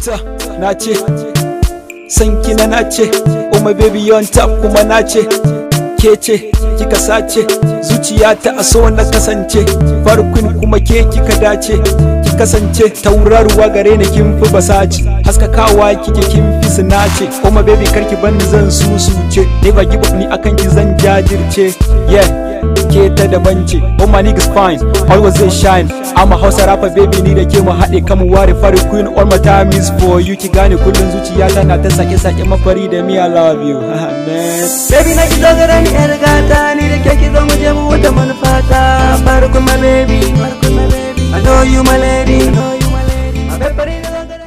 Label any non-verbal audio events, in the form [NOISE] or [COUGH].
ta na ce sanki na ce oh baby on top kuma na ce ke ce kika sace zuciya ta a so na kasance farkon kuma ke kika dace ki kasance taurarwa gare ni kin fi basaci haskakawa kike kin fi sinace kuma oh baby karki bani zan susuce ne ba give up ni akan ki zan jajirce yeah ke ta da banci oh my niggas fine always they shine I'm a hausa rapper baby ni da ke mu haɗe kan mu ware fari queen all my time is for you ki gane kullun zuciya tana ta sake sake mafari da me I love you [LAUGHS] ah, baby na ki zo ni yar gata ni da ke ki zo mu je mu wata manufata farko ma baby I know you my lady